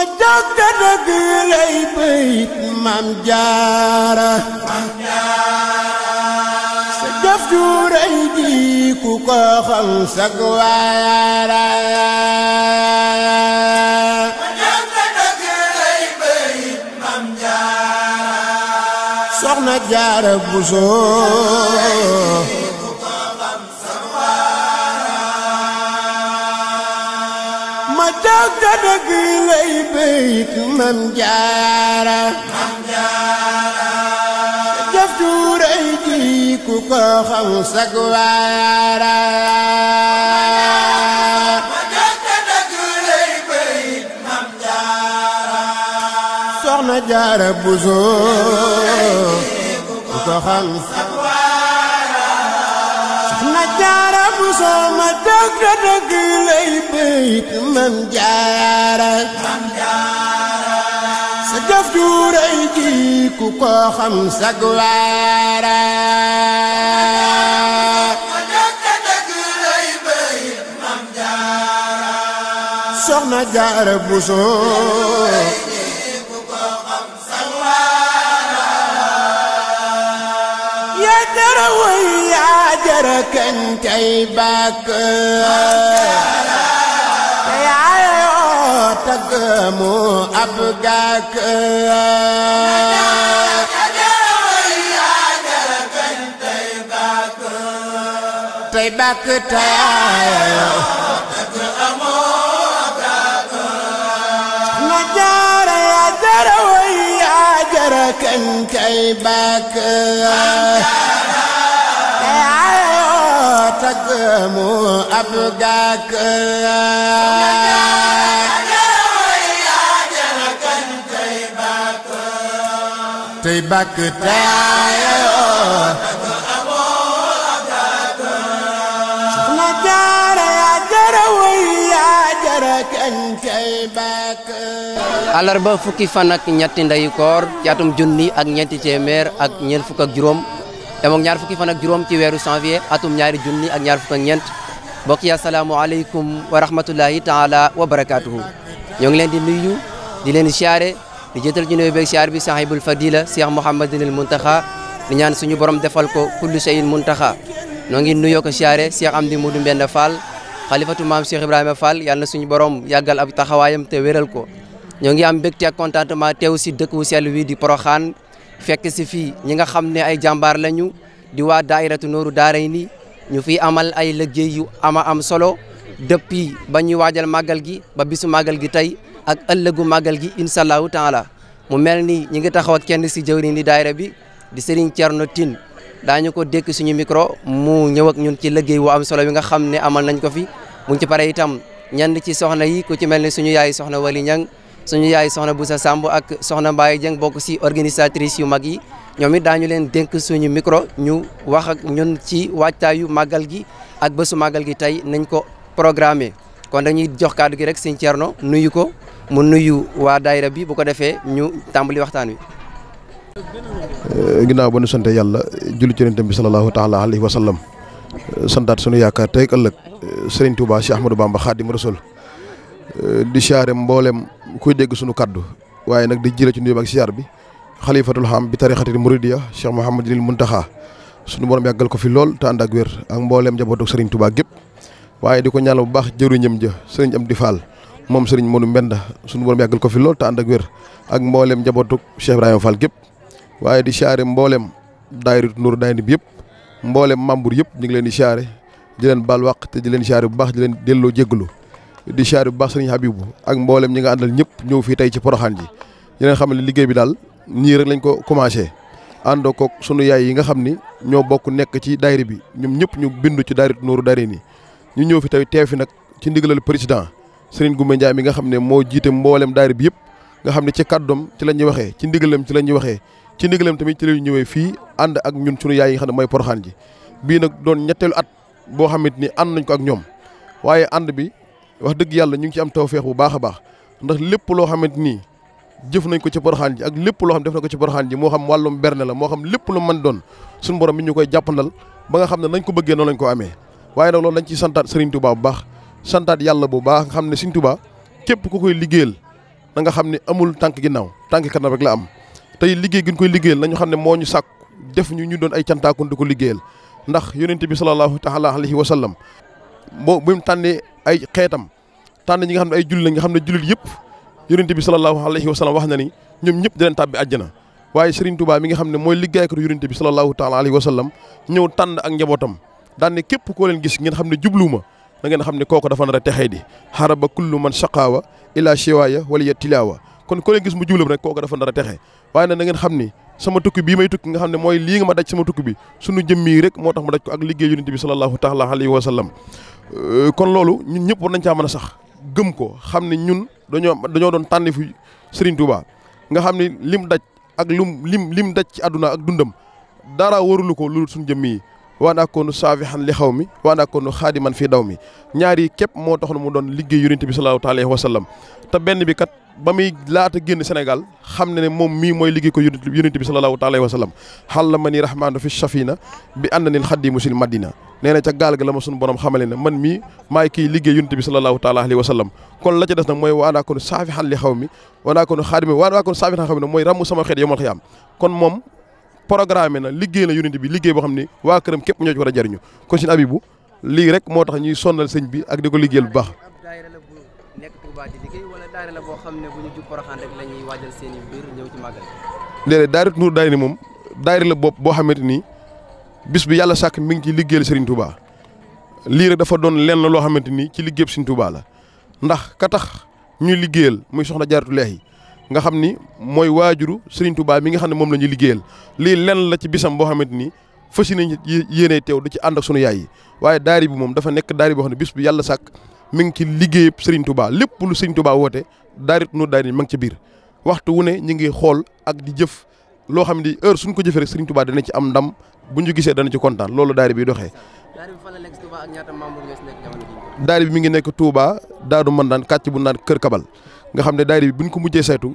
ma jàkkaat ak lay bayit maam jaara sa jëf ju rëy ji ku ko xam sag waayaara ma jàkkaat ak lay bayit maam jaara soxna jaara bu soo tagga dëgg lay béyit mam jaara jëf ju rëy ji ku ko xam sag waara soxna jaara buso ku ko xam ma jaara bu soo ma dëgg dëgg lay béyit mam jaara sa jëf ju rëy ji ku ko xam jara kañ cay bàkk te yaayoo tagg mu ab gàkk tey bàkk te yaayoo tagg mu ab gàkk na jaara yaa jara way yaa jara kañ cay bàkk mu ab gàkk tey bàkk taayoo alarba fukki fan ak ñetti ndeyu koor ci atum junni ak ñeenti téeméer ak ñeent fukk juróom demook ñaar fukki fan ak juróom ci weeru janvier atum ñaari junni ak ñaar fukk ak ñeent mbokk yi asalaamualeykum wa rahmatullahi taala wa barakaatuhu ñoo ngi leen di nuyu di leen siyaare di jëtal ñu nuyu beeg siyaar bi sahibul fadila cheikh mouhamadinil muntaxa di ñaan suñu borom defal ko kullu cheyin muntaxa noo ngi nuyoo ko am di amdi mudu mbend fall xalifatu maam cheikh ibrahima fall yàlla na suñu borom yàggal ab taxawaayam te wéral ko ñoo ngi am mbégte ak si dëkk wu sell di Poroxaan fekk si fii ñi nga xam ne ay jàmbaar lañu di waa daairatu nooru daaray ni ñu fi amal ay liggéey yu ama am solo depuis ba ñuy waajal màggal gi ba bisu màggal gi tey ak ëllëgu màggal gi incha allahu taala mu mel ni ñi ngi taxaw ak kenn si jëwriñ di daaira bi di Serigne Thierno Tine daañu ko dékk suñu micro mu ñëw ak ñun ci liggéey wu am solo bi nga xam ne amal nañ ko fi mu ci pare itam ñenn ci soxna yi ku ci mel ne suñu yaay soxna Wali Ñang ñu yaay soxna sa Samb ak soxna Mbaye Dieng bokk si organisatrice yu mag yi ñoom it daañu leen dénk suñu micro ñu wax ak ñun ci waajtaayu màggal gi ak bésu màggal gi tey nañ ko programme kon dañuy jox kàddu gi rek sëñ Thierno nuyu ko mu nuyu waa daayira bi bu ko defee ñu tàmbali waxtaan wi. Euh, ginnaaw ba nu sant yàlla julli ci yonent bi sallallahu taala alayhi wa sallam santaat sunu yaakaar tey ëllëg euh, Serigne Touba Cheikh Ahmadou Bamba Khadim Rasoul euh, di siyaare kuy dégg sunu kàddu waaye nag di jëlee ci nuyoo ak siyaar bi xalifatul xam bi tarixatil muridiya Cheikh Mouhamadul Muntaxa sunu borom yàggal ko fi lool te ànd ak wér njabootu Serigne Touba gépp waaye di ko ñaanal bu baax jëruñam ja Serigne Amdi Fall moom Serigne Modou Mbenda sunu borom yàggal ko fi lool te ànd ak wér ak mbooleem njabootu Cheikh Ibrahima gépp waaye di siyaare mbooleem daayiratu nur Daayni bi yëpp mbooleem membre yëpp ñu ngi leen di siyaare di leen baal wàq te di leen siyaare bu baax di leen delloo jégalu di siyaare bu baax sëriñ Habibu ak mboolem ñi nga àndal ñëpp ñëw fii tey ci Poroxaan ji yeneen xam ne liggéey bi daal nii rek lañ ko commencé ànd ko sunu yaay yi nga xam ni ñoo bokk nekk ci daayira bi ñoom ñëpp ñu bindu ci daayira Nuuru Daarayni ñu ñëw fi tey teew fi nag ci ndigalal président sëriñ Goumba Ndiaye mi nga xam ne moo jiite mboolem daayira bi yëpp nga xam ne ci kàddoom ci la ñuy waxee ci ndigalam ci la ñuy waxee ci ndigalam tamit ci la ñëwee fii ànd ak ñun sunu yaay yi nga xam ne mooy Poroxaan ji bii nag doon ñetteelu at boo xamante ni ànd nañ ko ak ñoom waaye ànd bi wax dëgg yàlla ñu ngi ci am tawféex bu baax a baax ndax lépp loo xamante nii jëf nañ ko ci poroxaan ji ak lépp loo xam def nañ ko ci poroxaan ji moo xam wàllum berne la moo xam lépp lu mën doon suñu borom mi ñu koy jàppandal ba nga xam ne nañ ko bëggee noonu lañ ko amee waaye nag loolu dañ ci santaat Serigne Touba bu baax santaat yàlla bu baax nga xam ne Serigne Touba képp ku koy liggéeyal na nga xam ne amul tànk ginnaaw tànk kanam rek la am tey liggéey gi ñu koy liggéeyal nañu xam ne moo ñu sàkk def ñu ñu doon ay cantaakun di ko liggéeyal ndax yonente bi sallallahu taala alayhi wa sallam boo bu mu tànnee ay xeetam tànn ñi nga xam ne ay jullit la nga xam ne jullit yëpp yonent bi sallallahu alayhi wa sallam wax na ni ñoom ñëpp dinañ tàbbi àjjana waaye Serigne Touba mi nga xam ne mooy liggéeykatu yonent bi sallallahu taala alayhi wa sallam ñëw tànn ak njabootam daan ne képp koo leen gis ngeen xam ne jubluuma da ngeen xam ne kooku dafa nar a texee di xaraba kullu man shaqaawa ila shiwaaya wala ya tilaawa kon koo leen gis mu jublam rek kooku dafa nar a texee waaye nag da ni sama tukki bii may tukki nga xam ne mooy lii nga ma daj sama tukki bi sunu jëmm yi rek moo tax ma daj ko ak liggéey yonent bi sallallahu taala alayhi wa sallam Euh, kon loolu ñun ñëpp war nañ caa mën a sax gëm ko xam ne ñun dañoo dañoo doon tànn fi Serigne Touba nga xam ne lim daj ak lum lim lim daj ci àdduna ak dundam dara warulu ko loolu suñ jëmm yi waan akoonu saafihan li xaw mi waan akoonu xaadiman fii daw mi ñaari yi képp moo tax mu doon liggéey yonent bi sallallahu alayhi wa sallam te benn bi kat ba muy laata génn Sénégal xam ne ne moom mii mooy liggéey ko yonent bi sallallahu alayhi wa sallam xalla ma ni rahmaanu fi shafina bi ànd nil xaddi musil madina nee la ma sunu borom xamale ne man mii maay kiy liggéey yonent bi sallallahu taala alayhi wa kon la ca des nag mooy waanaa kon saafihan li xaw mi waanaa kon xaadima waanaa kon saafihan xaw mi ne mooy ràmm sama xeet yomal am kon moom programme na liggéey na unité bi liggéey boo xam ne waa këram képp ñoo ci war a jariñu kon sëñ Abibu lii rek moo tax ñuy sonnal sëñ bi ak di ko liggéeyal bu baax. nekk Touba di liggéey wala daayira la boo xam ne bu ñu jub Poroxaan rek la ci moom daayira la bopp boo xamante ni bis bi yàlla sàkk mi ngi ci liggéeyal Serigne Touba lii rek dafa doon lenn loo xamante nii ci liggéeyam Serigne Touba la ndax ka tax ñuy liggéeyal muy soxna jaaratu leex yi nga xam ni mooy waajuru Serigne Touba mi nga xam ne moom la ñu liggéeyal lii lenn la ci bisam boo xamante ni fas nañ yéenee teew du ci ànd ak sunu yaay yi waaye daari bi moom dafa nekk daari boo xam ne bis bi yàlla sàkk mi ngi ci liggéeyub Serigne Touba lépp lu Serigne Touba woote daari nu daari ma ngi ci biir waxtu wu ne ñu ngi xool ak jëf loo xam ne heure suñ ko jëfee rek Serigne Touba dana ci am ndam bu ñu gisee dana ci kontaan loolu daari bi doxee. daari bi mi ngi nekk tuubaa Touba Daaru daan kàcc bu naan Kër Kabal nga xam ne daayira bi bu ñu ko mujjee saytu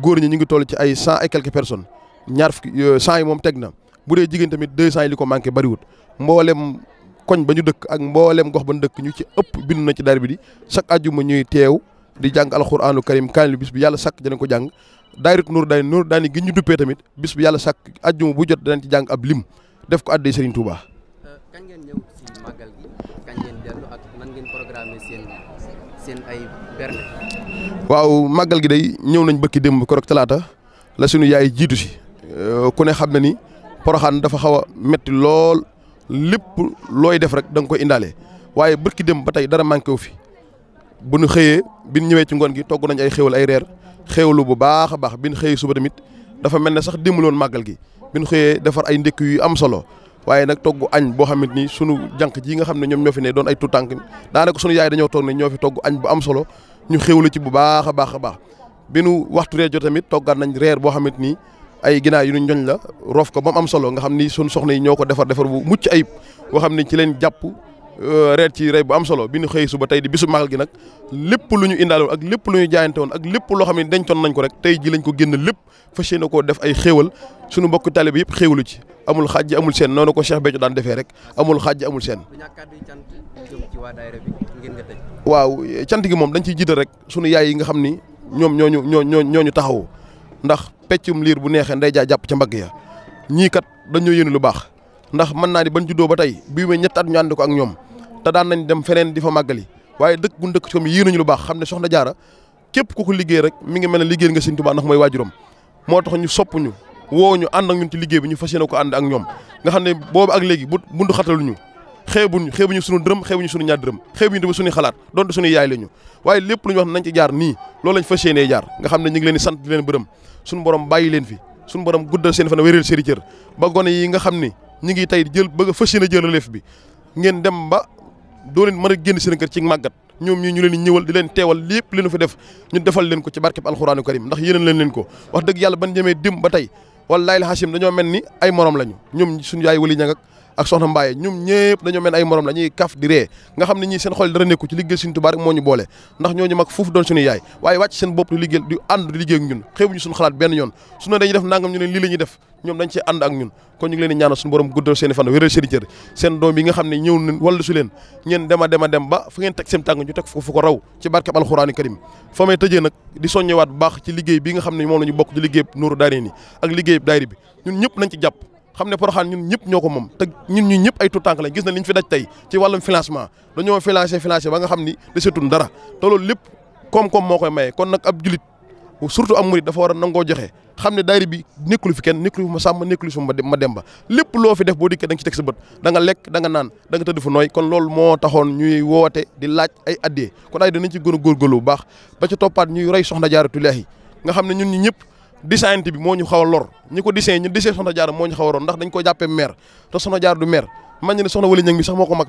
góor ñi ñu ngi toll ci ay cent et quelques personnes ñaar fukki euh, cent yi moom teg na bu dee jigéen tamit deux cent yi li ko manqué bariwut mboolem koñ ba ñu dëkk ak mboolem gox ba ñu dëkk ñu ci ëpp bind na ci daayira bi di chaque àjjuma ñuy teew di jàng alxuraanu karim kaani lu bis bi yàlla sàkk dinañ ko jàng daayiratu Nuuru Daani Nuuru Daani gi ñu duppee tamit bis bi yàlla sàkk àjjuma bu jot danañ ci jàng ab lim def ko àddee Serigne Touba. Euh, kañ ngeen ñëw ci màggal seen seen waaw màggal gi day ñëw nañ bëkki démb korok talaata la sunu yaay jiitu si euh, ku ne xam ne ni poroxaan dafa xaw a metti lool lépp looy def rek da nga koy indaale waaye bëkki démb ba tey dara manqué wu fi bu nu xëyee bi ñu ñëwee ci ngoon gi togg nañ ay xéwal ay reer xéwlu bu baax a baax bi nu xëyee suba tamit dafa mel ne sax démb loon màggal gi bi nu xëyee defar ay ndékk yu am solo. waaye nag togg añ boo xamante ni sunu janq ji nga xam ne ñoom ñoo fi ne doon ay tuutànk daanaka yaay dañoo toog ne ñoo fi togg añ bu am solo ñu la ci bu baax a baax a baax bi nu waxtu reer jot tamit toggaat nañ reer boo xamit ni ay ginaar yu ñu ñoñ la roof ko ba am solo nga xam ni suñu soxna yi ñoo ko defar defar bu mucc ayib boo xam ni ci leen jàpp Euh, reet ci rey bu am solo bi ñu xëy suba tey di bisu magal gi nag lépp lu ñu indaale ak lépp lu ñu jaayante woon ak lépp loo xam ne dencoon nañ ko rek tey ji lañ ko génn lépp fas yéene koo def ay xéewal suñu mbokk tali bi yëpp xéewalu ci amul xaaj amul seen noonu ko Cheikh Béthio daan defee rek amul xaaj amul seen waaw cant gi moom dañ ciy jiital rek sunu yaay yi nga xam ni ñoom ñooñu ñoo ñooñu taxawu ndax peccum liir bu neexee nday jaa jàpp ca mbagg ya ñii kat dañoo yéene lu baax ndax mën naa ni ban juddoo ba tey bii mooy ñett at ñu ànd ko ak ñoom te daan nañ dem feneen di fa màggali waaye dëkk gun dëkk ci yéen nañu lu baax xam ne soxna jaara képp ku ko liggéey rek mi ngi mel ne liggéey nga Sëñ Tuubaa ndax mooy waajuram moo tax ñu sopp ñu woo ñu ànd ak ñun ci liggéey bi ñu fas yéene ko ànd ak ñoom nga xam ne boobu ak léegi bu bundu xataluñu xeebuñu xeebuñu sunu dërëm xeebuñu sunu ñaar dërëm xeebuñu tamit suñuy xalaat donte suñuy yaay lañu waaye lépp lu ñu wax nañ ci loolu lañ fas yéenee jaar xam ne ñu ngi leen di sant di leen bàyyi leen fi suñu borom guddal seen fan wéréel seeri yi nga xam ni ñu ngi tey jël bëgg a fas yéene jël bi ngeen dem ba doo leen mën a génn seen ci màggat ñoom ñii ñu leen ñëwal di leen teewal lépp li ñu fi def ñu defal leen ko ci barkeb alxuraanu karim ndax yéneen leen leen ko wax dëgg yàlla ban jëmee dim ba tey wallaahi la xasim dañoo mel ni ay morom lañu ñoom suñu yaay wali ñang ak ak soxna Mbaye ñoom ñëpp dañoo mel ay morom la ñuy kaf di ree nga xam ne ñii seen xol dara nekku ci liggéey suñu Tuubaa rek moo ñu boole ndax ñooñu mag foofu doon suñu yaay waaye wàcc seen bopp di liggéey di ànd di liggéey ak ñun xeebuñu suñu xalaat benn yoon su ne dañuy def nangam ñu ne lii la ñuy def ñoom i fan wéral seen ne ñëw nañ wala su leen ñeen dema dema dem ba liggéey bi ñun ñëpp nañ ci jàpp xam ne Porokhane ñun ñëpp ñoo ko moom te ñun ñu ñëpp ay tuutànk lañ gis na liñ fi daj tey ci wàllum financement dañoo financé financé ba nga xam ni desetul dara te loolu lépp koom maye kon nag ab julit surtout am murit war a nangoo joxe xam ne daayira bi nekkul fi kenn nekkul fi ma sàmm nekkul fi ma ba lépp loo fi def boo dikkee da nga ci teg sa bët danga lekk da nga naan danga nga tëdd fu nooy kon loolu moo taxoon ñuy woote di laaj ay addee kon ay dinañ ci gën a góorgóorlu bu baax ba ci toppaat ñuy roy soxna jaaratullaahi nga xam ne ñun ñi ñëpp disante bi moo ñu xaw a lor ñi ko disee ñu disee soxna jaar moo ñu xaw a lor ndax dañ ko jàppee maire te soxna jaar du maire man ñu ne soxna wala ñëng mi sax a nu mu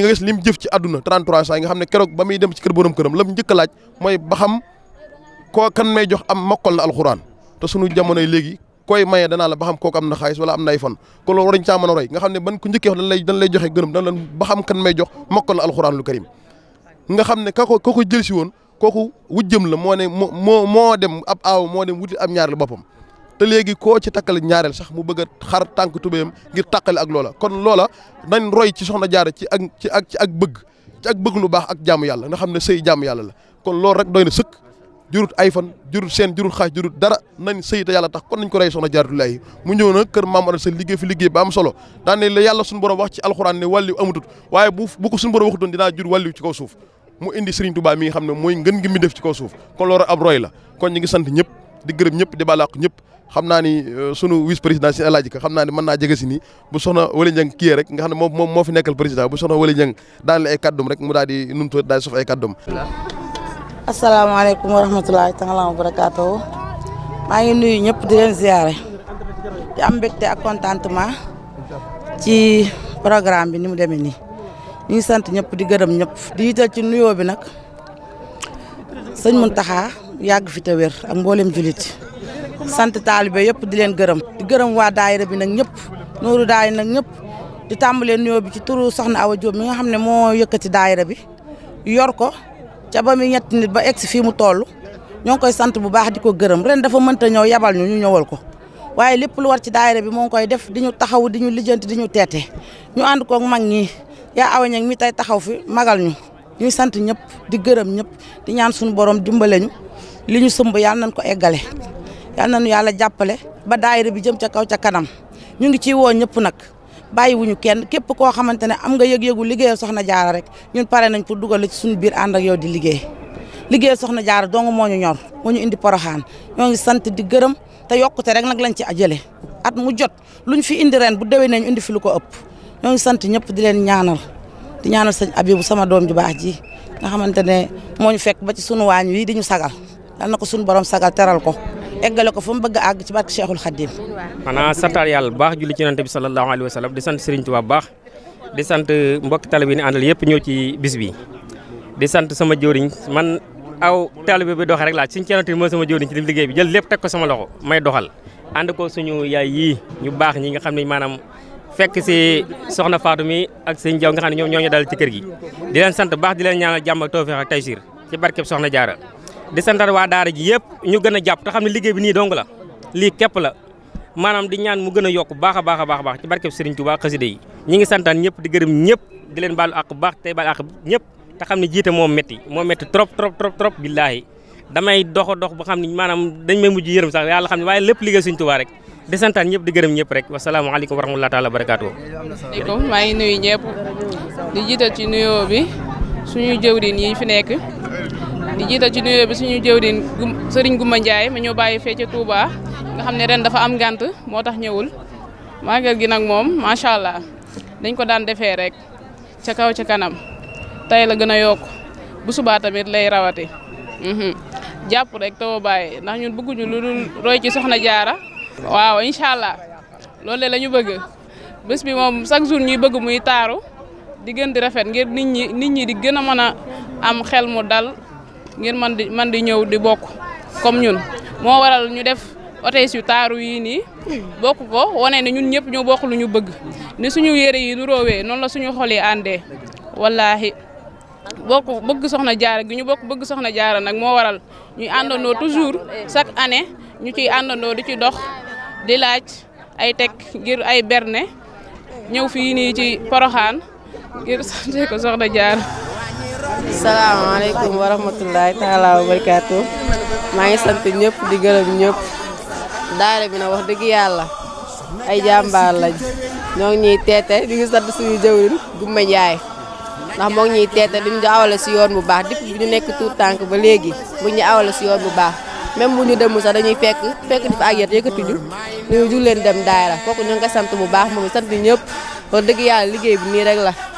nga àdduna 33 ans yi xam ne keroog ba muy dem ci kër borom këram lam njëkk a laaj mooy ba jox am mokkal na alxuraan te sunu jamonoy léegi koy maye danaa la am na xaalis wala am ko loolu war a roy nga xam ne ban ku njëkkee wax dañ lay joxe gërëm dañ leen ba xam kan may jox mokkal na alxuraan lu karim nga xam ne ka ko ka ko jël si woon kooku wujjëm la moo ne moo moo dem ab aaw moo dem wuti ab ñaar boppam te léegi koo ci takkal ñaareel sax mu bëgg a xar tànk tubéyam ngir takkale ak loola kon loola nañ roy ci soxna jaara ci ak ci ak ci ak bëgg ci ak bëgg lu baax ak jaamu yàlla nga xam ne sëy jaamu yàlla la kon loolu rek doy na sëkk jurut ay fan jurut seen jurut xaaj jurut dara nañ sëy te yàlla tax kon nañ ko rey soxna jaaratullaahi mu ñëw na kër maam aral sa liggéey fi liggéey ba am solo daane la yàlla wax ci alxuraan ne wàlliw amutut waaye bu bu ko dinaa jur wàlliw ci kaw suuf mu indi Serigne Touba mi nga xam ne mooy ngën gi mi def ci ko suuf kon loolu ab roy la kon ñu sant ñëpp di gërëm ñëpp di balaax ñëpp xam naa ni euh, sunu vice président si alaaji ka xam naa ni mën naa jege si ni bu soxna Wali Njang kii rek ne moom moom moo fi nekkal président bu soxna Wali Njang daan la ay kàddum rek mu daa di numtu daal di suuf ay kàddum asalaamaaleykum wa rahmatulahi taala wa barakaatu maa ngi nuyu ñëpp di leen ziare di am mbégte ak contentement ci programme bi ni mu demee nii ñu sant ñëpp di gërëm ñëpp di yital ci nuyoo bi nag sëñ Muntaxa yàgg fi te wér ak mboolem julit sant taalibe yëpp di leen gërëm di gërëm waa daayira bi nag ñëpp nooru daayira nag ñëpp di tàmbalee nuyoo bi ci turu soxna Awa Diop mi nga xam ne moo yëkkati daayira bi yor ko ca ba mu ñetti nit ba egg si fii mu toll ñoo koy sant bu baax di ko gërëm ren dafa mënta ñëw yabal ñu ñu ñëwal ko waaye lépp lu war ci daayira bi moo ngi koy def di ñu taxaw di ñu lijjanti di ñu ànd koog mag ñi yaa awa ñag mi tey taxaw fi magal ñu ñu sant ñëpp di gërëm ñëpp di ñaan suñu borom dimbale ñu li ñu sëmb yàlla nañ ko eggale yàlla nañu yàlla jàppale ba daayira bi jëm ca kaw ca kanam ñu ngi ciy woo ñëpp nag bàyyiwuñu kenn képp koo xamante ne am nga yëg-yëgu liggéeyal soxna jaara rek ñun pare nañ pour dugal ci suñu biir ànd ak yow di liggéey liggéey soxna jaara dong moo ñu ñor moo ñu indi poroxaan ñoo ngi sant di gërëm te yokkute rek nag lañ ci jëlee at mu jot luñ fi indi ren bu déwénee ñu indi fi lu ko ëpp ñoo ngi sant ñëpp di leen ñaanal di ñaanal sëñ Abibu sama doom ju baax ji nga xamante ne moo ñu fekk ba ci sunu waañ wi di ñu sagal yal na ko sunu borom sagal teral ko eggale ko fu mu bëgg a àgg ci barke Cheikhul Khadim. maanaam santaal yàlla bu baax julli ci Yonent di sant Serigne Touba bu baax di sant mbokki talib yi ni àndal yëpp ñëw ci bis bi di sant sama jëwriñ man aw talib bi doxee rek laa ci Yonent bi sama jëwriñ ci liggéey bi jël lépp teg ko sama loxo may doxal ànd suñu yaay ñu baax ñi nga xam ne maanaam fekk si soxna Fatou mi ak sëñ Jaw nga xam ne ñoom ñoo ñu dal ci kër gi di leen sant baax di leen ñaanal jàmm ak tawfeex ak taysiir ci barkeb soxna jaara di santal waa daara ji yëpp ñu gën a jàpp te xam ne liggéey bi nii dong la lii képp la maanaam di ñaan mu gën a yokk baax a baax a baax ci barkeb Sëriñ Tuubaa ngi santaan ñëpp di gërëm ñëpp leen baalu àq baax tey baalu àq ñëpp te xam ne jiite moo métti moo métti trop trop trop trop billaahi damay dox dox ba xam ne maanaam dañ may mujj yërëm sax yàlla xam ne waaye lépp liggéey Sëriñ Tuubaa rek di santaan ñëpp di gërëm ñëpp rek wasalaamaaleykum wa rahmatulah taala barakaatu. asalaamaaleykum maa ngi nuy ñëpp di jiital ci nuyoo bi suñu jëwriñ yi fi nekk di jiital ci nuyoo bi suñu jëwriñ Serigne Goumba Ndiaye ma ñoo bàyyi fee ca Touba nga xam ne reen dafa am gànt moo tax ñëwul màggal gi nag moom macha allah dañ ko daan defee rek ca kaw ca kanam tey la gën a yokk bu subaa tamit lay rawati mhm. jàpp rek taw bàyyi ndax ñun bëgguñu lu dul roy ci na jaara waaw incha allah loolu de la ñu bëgg bés bi moom chaque jour ñuy bëgg muy taaru di gën di rafet ngir nit ñi nit ñi di gën a mën a am xel mu dal ngir man di man di ñëw di bokk comme ñun moo waral ñu def otes yu taaru yii nii bokk ko wane ne ñun ñëpp ñoo bokk lu ñu bëgg ni suñu yére yi nu roowee noonu la suñu xol yi àndee wallaahi bokk bëgg soxna jaara gi ñu bokk bëgg soxna jaara nag moo waral ñuy àndandoo toujours chaque année ñu ciy àndandoo di ci dox di laaj ay teg ngir ay berne ñëw fii nii ci Poroxaan ngir sante ko soxna jaar salaamaaleykum wa rahmatullahi taala wa maa ngi sant ñëpp di gërëm ñëpp daara bi na wax dëgg yàlla ay jàmbaar lañ ñoo ngi ñuy teete di ngi sant suñu jëwrin Gumba Njaay ndax moo ngi ñuy teete duñu awale si yoon bu baax depuis bi ñu nekk tuut tànk ba léegi bu ñu awale si yoon bu baax même bu ñu mu sax dañuy fekk fekk di fa ak yet yëkkati ñu ñu jug leen dem daayira kooku ñu ngi sant bu baax moom sant ñëpp wax dëgg yàlla liggéey bi nii rek la